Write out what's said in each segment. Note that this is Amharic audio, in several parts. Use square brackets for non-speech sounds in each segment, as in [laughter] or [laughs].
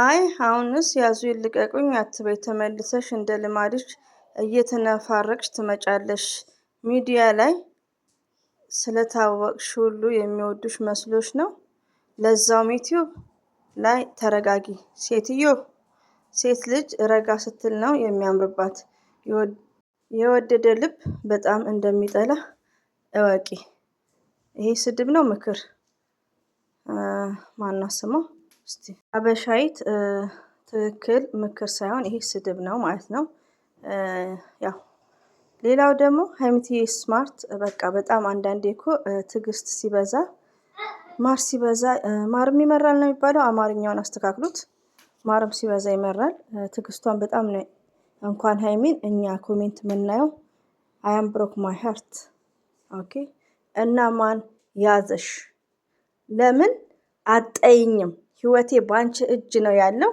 አይ አሁንስ ያዙኝ ልቀቁኝ አትበይ፣ ተመልሰሽ እንደ ልማድሽ እየተነፋረቅሽ ትመጫለሽ። ሚዲያ ላይ ስለታወቅሽ ሁሉ የሚወዱሽ መስሎሽ ነው። ለዛውም ዩቲዩብ ላይ ተረጋጊ ሴትዮ። ሴት ልጅ ረጋ ስትል ነው የሚያምርባት። የወደደ ልብ በጣም እንደሚጠላ እወቂ። ይሄ ስድብ ነው ምክር ማናስመው እስቲ ሀበሻይት ትክክል ምክር ሳይሆን ይሄ ስድብ ነው ማለት ነው። ያው ሌላው ደግሞ ሀይሚትዬ ስማርት በቃ በጣም አንዳንዴ እኮ ትዕግስት ሲበዛ ማር ሲበዛ ማርም ይመራል ነው የሚባለው። አማርኛውን አስተካክሉት። ማርም ሲበዛ ይመራል። ትዕግስቷን በጣም ነው እንኳን ሀይሚን እኛ ኮሜንት የምናየው አያም ብሮክ ማይ ሀርት ኦኬ። እና ማን ያዘሽ? ለምን አጠይኝም ህይወቴ በአንቺ እጅ ነው ያለው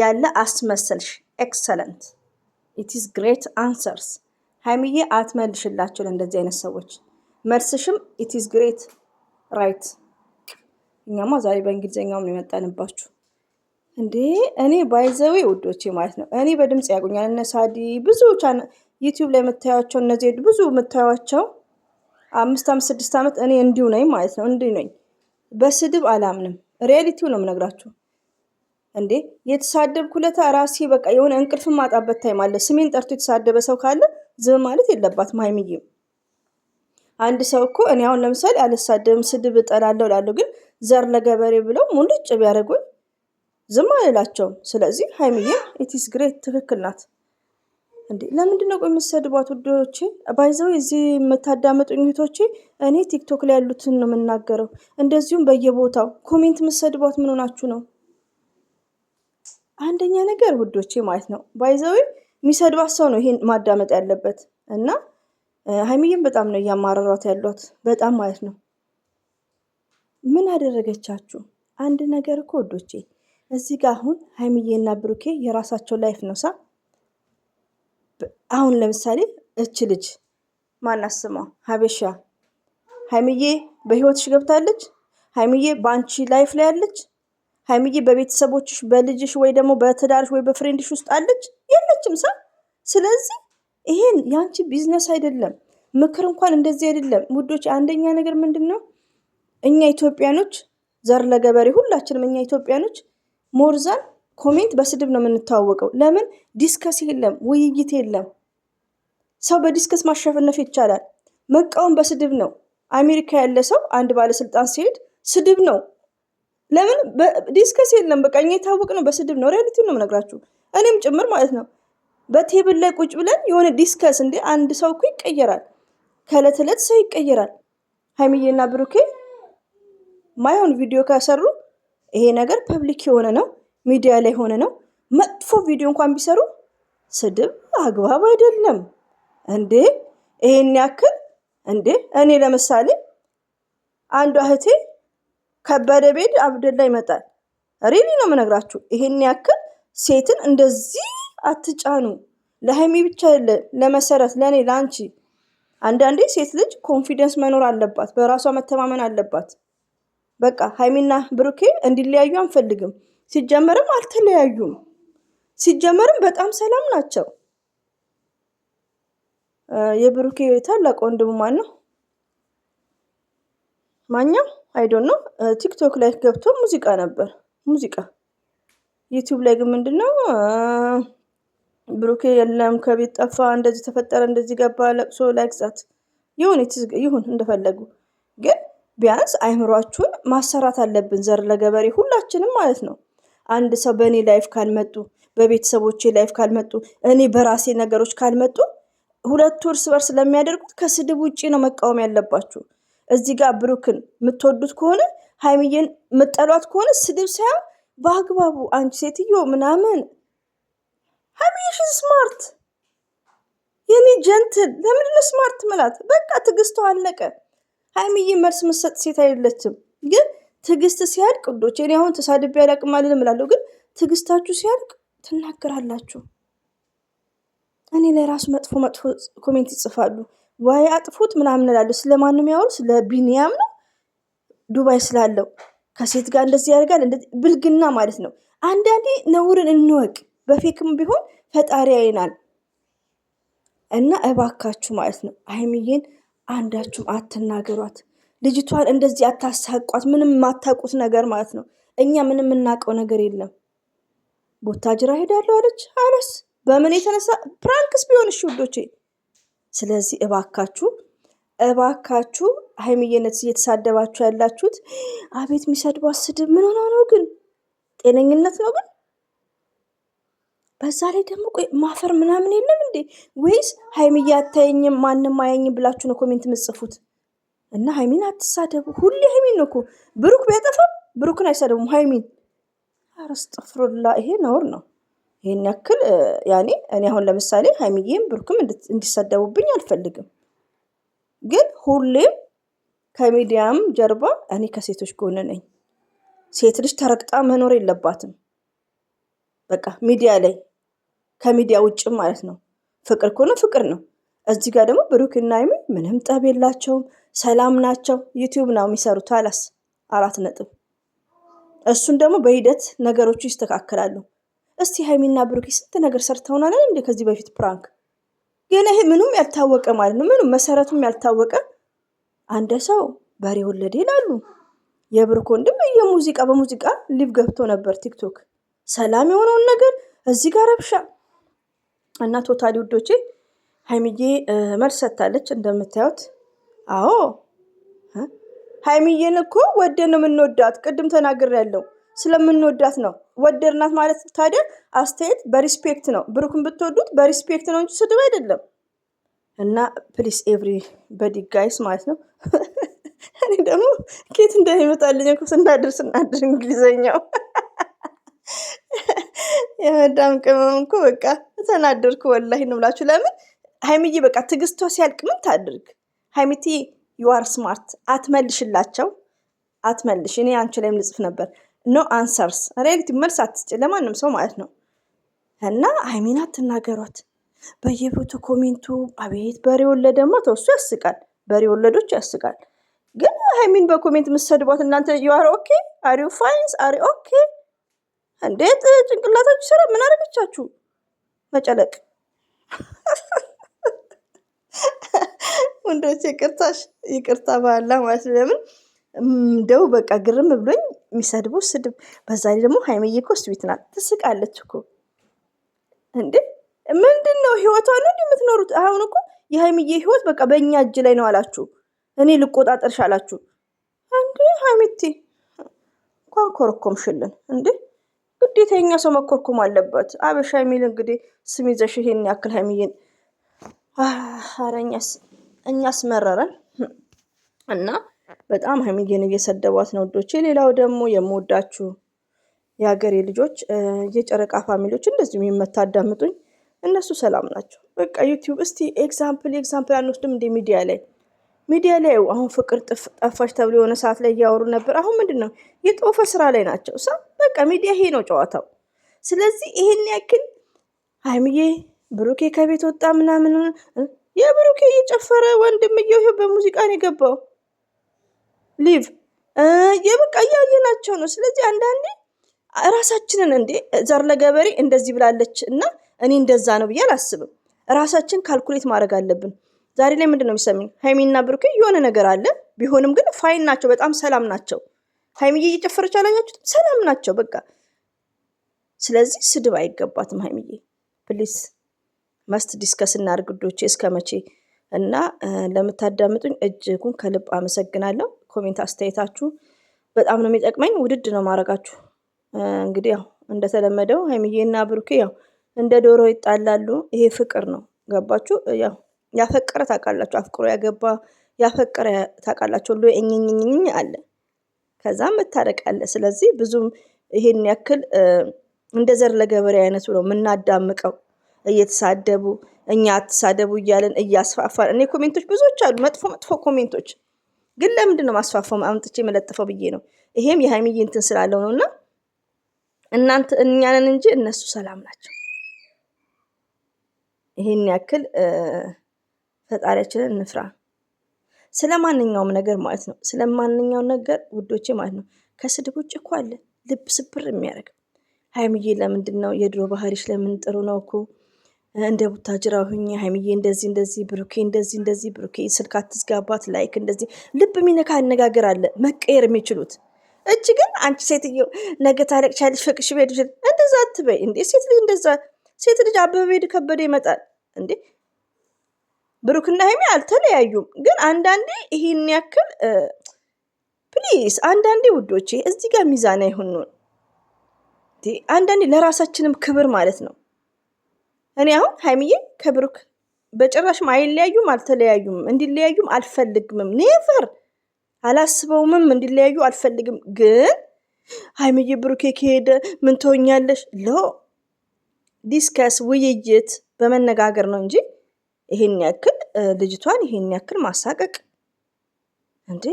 ያለ አስመሰልሽ። ኤክሰለንት ኢትስ ግሬት አንሰርስ። ሀይሚዬ አትመልሽላቸው ለእንደዚህ አይነት ሰዎች መልስሽም ኢትስ ግሬት ራይት። እኛማ ዛሬ በእንግሊዝኛውም ነው የመጣንባችሁ እንዴ። እኔ ባይዘዌ ውዶቼ ማለት ነው እኔ በድምፅ ያቁኛል። እነ ሳዲ ብዙ ዩቲዩብ ላይ የምታያቸው እነዚህ ብዙ የምታያቸው አምስት አምስት ስድስት ዓመት እኔ እንዲሁ ነኝ ማለት ነው እንዲሁ ነኝ። በስድብ አላምንም። ሪያሊቲው ነው የምነግራችሁ። እንዴ የተሳደብኩ ለታ ራሴ በቃ የሆነ እንቅልፍ ማጣበት ታይም አለ። ስሜን ጠርቶ የተሳደበ ሰው ካለ ዝም ማለት የለባትም ሀይሚዬም። አንድ ሰው እኮ እኔ አሁን ለምሳሌ አልሳደብም፣ ስድብ እጠላለሁ እላለሁ። ግን ዘር ለገበሬ ብለው ሙልጭ ያደረጉኝ ዝም አልላቸውም። ስለዚህ ሀይሚዬም ኢትስ ግሬት ትክክል ናት። እንዴ ለምንድነው ቆይ የምትሰድቧት? ውዶቼ ባይዘው እዚህ የምታዳመጡኝ እህቶቼ እኔ ቲክቶክ ላይ ያሉትን ነው የምናገረው። እንደዚሁም በየቦታው ኮሜንት የምትሰድቧት ምን ሆናችሁ ነው? አንደኛ ነገር ውዶቼ ማለት ነው ባይዘው የሚሰድባት ሰው ነው ይሄን ማዳመጥ ያለበት እና ሀይሚዬም በጣም ነው እያማረሯት ያሏት በጣም ማለት ነው። ምን አደረገቻችሁ? አንድ ነገር እኮ ውዶቼ እዚህ ጋር አሁን ሀይሚዬና ብሩኬ የራሳቸው ላይፍ ነው ሳ አሁን ለምሳሌ እች ልጅ ማናስማ ሀበሻ ሀይምዬ በህይወትሽ ገብታለች? ሀይምዬ በአንቺ ላይፍ ላይ አለች? ሀይምዬ በቤተሰቦችሽ በልጅሽ ወይ ደግሞ በትዳርሽ ወይ በፍሬንድሽ ውስጥ አለች? የለችም ሰ ስለዚህ ይሄን የአንቺ ቢዝነስ አይደለም። ምክር እንኳን እንደዚህ አይደለም ውዶች። አንደኛ ነገር ምንድን ነው እኛ ኢትዮጵያኖች ዘር ለገበሬ ሁላችንም እኛ ኢትዮጵያኖች ሞርዛን ኮሜንት በስድብ ነው የምንታወቀው ለምን ዲስከስ የለም ውይይት የለም። ሰው በዲስከስ ማሸነፍ ይቻላል። መቃወም በስድብ ነው። አሜሪካ ያለ ሰው አንድ ባለስልጣን ሲሄድ ስድብ ነው። ለምን ዲስከስ የለም። በቃ እኛ የታወቅ ነው በስድብ ነው። ሪያሊቲ ነው ምነግራችሁ፣ እኔም ጭምር ማለት ነው። በቴብል ላይ ቁጭ ብለን የሆነ ዲስከስ እንደ አንድ ሰው እኮ ይቀየራል። ከእለት ዕለት ሰው ይቀየራል። ሀይሚዬና ብሩኬ ማይሆን ቪዲዮ ከሰሩ ይሄ ነገር ፐብሊክ የሆነ ነው፣ ሚዲያ ላይ የሆነ ነው። መጥፎ ቪዲዮ እንኳን ቢሰሩ ስድብ አግባብ አይደለም። እንዴ ይሄን ያክል እንዴ? እኔ ለምሳሌ አንዷ እህቴ ከበደ ቤድ አብደላ ይመጣል። ሬሊ ነው የምነግራችሁ። ይሄን ያክል ሴትን እንደዚህ አትጫኑ። ለሀይሚ ብቻ ለመሰረት፣ ለእኔ፣ ለአንቺ። አንዳንዴ ሴት ልጅ ኮንፊደንስ መኖር አለባት፣ በራሷ መተማመን አለባት። በቃ ሀይሚና ብሩኬ እንዲለያዩ አንፈልግም። ሲጀመርም አልተለያዩም። ሲጀመርም በጣም ሰላም ናቸው። የብሩኬ ታላቅ ወንድሙ ማን ነው? ማኛው አይዶን ነው። ቲክቶክ ላይ ገብቶ ሙዚቃ ነበር ሙዚቃ። ዩቲዩብ ላይ ግን ምንድን ነው ብሩኬ የለም ከቤት ጠፋ፣ እንደዚህ ተፈጠረ፣ እንደዚህ ገባ፣ ለቅሶ ላይክዛት ይሁን ይሁን እንደፈለጉ ግን ቢያንስ አይምሯችሁን ማሰራት አለብን። ዘር ለገበሬ ሁላችንም ማለት ነው። አንድ ሰው በእኔ ላይፍ ካልመጡ፣ በቤተሰቦቼ ላይፍ ካልመጡ፣ እኔ በራሴ ነገሮች ካልመጡ ሁለቱ እርስ በርስ ለሚያደርጉት ከስድብ ውጭ ነው መቃወም ያለባችሁ። እዚህ ጋር ብሩክን የምትወዱት ከሆነ ሀይሚዬን የምጠሏት ከሆነ ስድብ ሳይሆን በአግባቡ አንቺ ሴትዮ ምናምን ሀይሚዬሽን ስማርት የኔ ጀንትል ለምንድነው ስማርት ምላት? በቃ ትዕግስቷ አለቀ። ሀይሚዬ መልስ ምሰጥ ሴት አይደለችም። ግን ትዕግስት ሲያልቅ ውዶች፣ እኔ አሁን ተሳድቤ አላቅም አልልም እላለሁ። ግን ትዕግስታችሁ ሲያልቅ ትናገራላችሁ። እኔ ላይ ራሱ መጥፎ መጥፎ ኮሜንት ይጽፋሉ። ዋይ አጥፉት ምናምን እላለሁ። ስለማንም ያወሩ ስለ ቢኒያም ነው ዱባይ ስላለው ከሴት ጋር እንደዚህ ያደርጋል ብልግና ማለት ነው። አንዳንዴ ነውርን እንወቅ። በፌክም ቢሆን ፈጣሪ አይናል እና እባካችሁ ማለት ነው ሀይሚዬን አንዳችሁም አትናገሯት። ልጅቷን እንደዚህ አታሳቋት። ምንም የማታውቁት ነገር ማለት ነው። እኛ ምንም የምናውቀው ነገር የለም። ጅራ ሄዳለሁ አለች አለስ በምን የተነሳ ፕራንክስ ቢሆን እሺ ውዶቼ። ስለዚህ እባካችሁ እባካችሁ ሀይሚዬነት እየተሳደባችሁ ያላችሁት አቤት የሚሰድቧት ስድብ ምን ሆነ ነው ግን ጤነኝነት ነው ግን በዛ ላይ ደግሞ ቆይ ማፈር ምናምን የለም እንዴ ወይስ ሀይሚዬ አታየኝም ማንም አያኝም ብላችሁ ነው ኮሜንት የምጽፉት እና ሀይሚን አትሳደቡ ሁሌ ሀይሚን ነው እኮ ብሩክ ቢያጠፋም ብሩክን አይሳደቡም ሀይሚን አረስጠፍሮላ ይሄ ነውር ነው ይህን ያክል ያኔ እኔ አሁን ለምሳሌ ሀይሚዬም ብሩክም እንዲሰደቡብኝ አልፈልግም። ግን ሁሌም ከሚዲያም ጀርባ እኔ ከሴቶች ጎን ነኝ። ሴት ልጅ ተረግጣ መኖር የለባትም። በቃ ሚዲያ ላይ ከሚዲያ ውጭም ማለት ነው። ፍቅር ከሆነ ፍቅር ነው። እዚህ ጋር ደግሞ ብሩክና ሀይሚ ምንም ጠብ የላቸውም፣ ሰላም ናቸው። ዩቲዩብ ነው የሚሰሩት። አላስ አራት ነጥብ። እሱን ደግሞ በሂደት ነገሮቹ ይስተካከላሉ። እስቲ ሀይሚና ብሩኬ ስንት ነገር ሰርተውናለን እንደ ከዚህ በፊት ፕራንክ ገና ይሄ ምንም ያልታወቀ ማለት ነው። ምንም መሰረቱም ያልታወቀ አንድ ሰው በሬ ወለደ ይላሉ። የብሩክ ወንድም የሙዚቃ በሙዚቃ ሊቭ ገብቶ ነበር ቲክቶክ። ሰላም የሆነውን ነገር እዚህ ጋር ረብሻ እና ቶታሊ ውዶቼ፣ ሀይሚዬ መልስ ሰጥታለች እንደምታዩት። አዎ ሀይሚዬን እኮ ወደን የምንወዳት ቅድም ተናግሬያለሁ፣ ስለምንወዳት ነው ወደድናት ማለት ታዲያ አስተያየት በሪስፔክት ነው። ብሩክን ብትወዱት በሪስፔክት ነው እንጂ ስድብ አይደለም። እና ፕሊስ ኤቭሪ በዲ ጋይስ ማለት ነው። [laughs] እኔ ደግሞ ኬት እንደሚመጣልኝ እኮ ስናድር ስናድር እንግሊዘኛው [laughs] የመዳም ቅመም እኮ በቃ ተናደርኩ ወላሂ ነው ለምን ሀይሚዬ በቃ ትዕግስቷ ሲያልቅ ምን ታድርግ? ሀይሚቲ ዩአር ስማርት አትመልሽላቸው፣ አትመልሽ። እኔ አንቺ ላይም ልጽፍ ነበር ኖ አንሰርስ ሪያሊቲ መልስ አትስጭ ለማንም ሰው ማለት ነው። እና ሀይሚን አትናገሯት በየቤቱ ኮሜንቱ አቤት በሬ ወለደማ ተወሱ ያስቃል። በሬ ወለዶች ያስቃል። ግን ሀይሚን በኮሜንት የምትሰድቧት እናንተ ዩአር ኦኬ አሪ ፋይንስ አሪ ኦኬ እንዴት ጭንቅላታችሁ ስራ ምን አደረገቻችሁ? መጨለቅ ወንዶች ይቅርታሽ ይቅርታ ባላ ማለት ለምን እንደው በቃ ግርም ብሎኝ የሚሰድቡ ስድብ። በዛ ላይ ደግሞ ሀይምዬ እኮ ስዊት ናት፣ ትስቃለች እኮ እንዴ። ምንድን ነው ህይወቷ ነው የምትኖሩት? አሁን እኮ የሀይሚዬ ህይወት በቃ በእኛ እጅ ላይ ነው አላችሁ። እኔ ልቆጣጠርሽ አላችሁ እንዴ። ሀይሚቴ እንኳን ኮረኮምሽልን እንዴ። ግዴታ የኛ ሰው መኮርኮም አለበት። አበሻ የሚል እንግዲህ ስም ይዘሽ ይሄን ያክል ሀይሚዬን ኧረ እኛስ መረረን እና በጣም ሀይሚዬን እየሰደቧት ነው ወዶቼ። ሌላው ደግሞ የምወዳችሁ የሀገሬ ልጆች፣ የጨረቃ ፋሚሊዎች እንደዚሁ የምታዳምጡኝ እነሱ ሰላም ናቸው። በቃ ዩቲዩብ እስቲ ኤግዛምፕል ኤግዛምፕል አንወስድም እንደ ሚዲያ ላይ ሚዲያ ላይ አሁን ፍቅር ጠፋች ተብሎ የሆነ ሰዓት ላይ እያወሩ ነበር። አሁን ምንድን ነው የጦፈ ስራ ላይ ናቸው። ሰው በቃ ሚዲያ ይሄ ነው ጨዋታው። ስለዚህ ይሄን ያክል ሀይሚዬ ብሩኬ ከቤት ወጣ ምናምን የብሩኬ እየጨፈረ ወንድምየው በሙዚቃ ነው የገባው። ሊቭ የበቃ እያየናቸው ነው። ስለዚህ አንዳንዴ ራሳችንን እንዴ ዘር ለገበሬ እንደዚህ ብላለች እና እኔ እንደዛ ነው ብዬ አላስብም። ራሳችን ካልኩሌት ማድረግ አለብን። ዛሬ ላይ ምንድን ነው የሚሰማኝ? ሀይሚና ብሩኬ የሆነ ነገር አለ። ቢሆንም ግን ፋይን ናቸው፣ በጣም ሰላም ናቸው። ሀይሚዬ እየጨፈረች አላያችሁትም? ሰላም ናቸው በቃ። ስለዚህ ስድብ አይገባትም ሀይሚዬ ፕሊስ። መስት ዲስከስ እናድርግ ዶቼ እስከ መቼ እና ለምታዳምጡኝ እጅጉን ከልብ አመሰግናለሁ። ኮሜንት አስተያየታችሁ በጣም ነው የሚጠቅመኝ። ውድድ ነው ማድረጋችሁ። እንግዲህ ያው እንደተለመደው ሀይሚዬና ብሩኬ ያው እንደ ዶሮ ይጣላሉ። ይሄ ፍቅር ነው። ገባችሁ? ያው ያፈቀረ ታውቃላችሁ፣ አፍቅሮ ያገባ ያፈቀረ ታውቃላችሁ። ሁሉ እኝኝኝኝ አለ፣ ከዛ መታረቅ አለ። ስለዚህ ብዙም ይሄን ያክል እንደ ዘር ለገበሬ አይነቱ ነው የምናዳምቀው እየተሳደቡ እኛ አትሳደቡ እያለን እያስፋፋን። እኔ ኮሜንቶች ብዙዎች አሉ፣ መጥፎ መጥፎ ኮሜንቶች ግን ለምንድን ነው ማስፋፋው አምጥቼ መለጥፈው ብዬ ነው። ይሄም የሀይሚዬ እንትን ስላለው ነው እና እናንተ እኛንን እንጂ እነሱ ሰላም ናቸው። ይህን ያክል ፈጣሪያችንን እንፍራ። ስለ ማንኛውም ነገር ማለት ነው፣ ስለ ማንኛውም ነገር ውዶቼ ማለት ነው። ከስድብ ውጭ እኮ አለ ልብ ስብር የሚያደርግ ሀይሚዬ፣ ለምንድን ነው የድሮ ባህሪሽ ለምን ጥሩ ነው እኮ እንደ ቡታጅራ ሁኝ ሀይሚዬ እንደዚህ እንደዚህ ብሩኬ እንደዚህ እንደዚህ ብሩኬ ስልክ አትዝጋባት ላይክ እንደዚህ ልብ የሚነካ አነጋገር አለ መቀየር የሚችሉት እጅ ግን አንቺ ሴትዮ ነገ ታለቅሻለሽ ፍቅሽ ቤድ እንደዛ አትበይ እንዴ ሴት ልጅ እንደዛ ሴት ልጅ አበበ ቤድ ከበደ ይመጣል እንዴ ብሩክና ሀይሚ አልተለያዩም ግን አንዳንዴ ይህን ያክል ፕሊስ አንዳንዴ ውዶቼ እዚህ ጋር ሚዛና ይሁኑን አንዳንዴ ለራሳችንም ክብር ማለት ነው እኔ አሁን ሀይሚዬ ከብሩክ በጭራሽም አይለያዩም፣ አልተለያዩም፣ እንዲለያዩም አልፈልግምም። ኔቨር አላስበውምም፣ እንዲለያዩ አልፈልግም። ግን ሀይሚዬ ብሩኬ ከሄደ ምን ትሆኛለሽ? ሎ ዲስከስ ውይይት በመነጋገር ነው እንጂ ይሄን ያክል ልጅቷን ይሄን ያክል ማሳቀቅ እንዴ!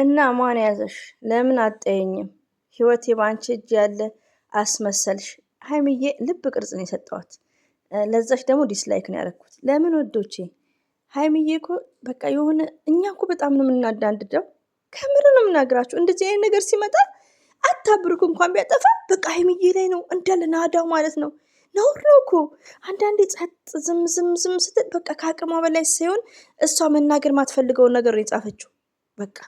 እና ማን ያዘሽ? ለምን አጠየኝም? ህይወቴ ባንቺ እጅ ያለ አስመሰልሽ ሀይምዬ ልብ ቅርጽ ነው የሰጠዋት። ለዛች ደግሞ ዲስላይክ ነው ያደረኩት። ለምን ወዶቼ ሀይምዬ እኮ በቃ የሆነ እኛ እኮ በጣም ነው የምናዳንድደው። ከምር ነው የምናግራችሁ። እንደዚህ አይነት ነገር ሲመጣ አታብርኩ እንኳን ቢያጠፋ በቃ ሀይምዬ ላይ ነው እንዳለ ናዳው ማለት ነው። ነውር ነው እኮ አንዳንዴ ጸጥ ዝም ዝም ዝም ስትል በቃ ከአቅሟ በላይ ሲሆን እሷ መናገር ማትፈልገውን ነገር ነው የጻፈችው። በቃ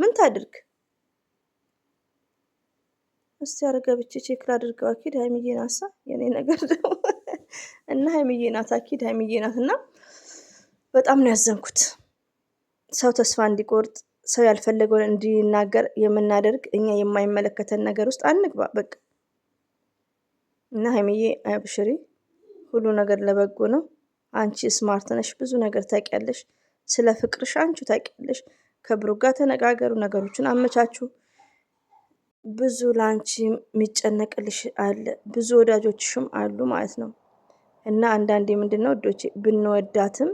ምን ታድርግ? እስቲ አረገብቼ ቼክ ላድርገው። አኪድ ሀይሚዬ ናሳ የኔ ነገር ደግሞ [laughs] እና ሀይሚዬ ናት፣ አኪድ ሀይሚዬ ናት። እና በጣም ነው ያዘንኩት። ሰው ተስፋ እንዲቆርጥ ሰው ያልፈለገውን እንዲናገር የምናደርግ እኛ የማይመለከተን ነገር ውስጥ አንግባ በቃ። እና ሀይሚዬ አብሽሪ፣ ሁሉ ነገር ለበጎ ነው። አንቺ ስማርት ነሽ፣ ብዙ ነገር ታውቂያለሽ። ስለ ፍቅርሽ አንቺ ታውቂያለሽ። ከብሩ ጋር ተነጋገሩ፣ ነገሮችን አመቻችሁ ብዙ ላንቺ የሚጨነቅልሽ አለ፣ ብዙ ወዳጆችሽም አሉ ማለት ነው። እና አንዳንዴ ምንድን ነው ብንወዳትም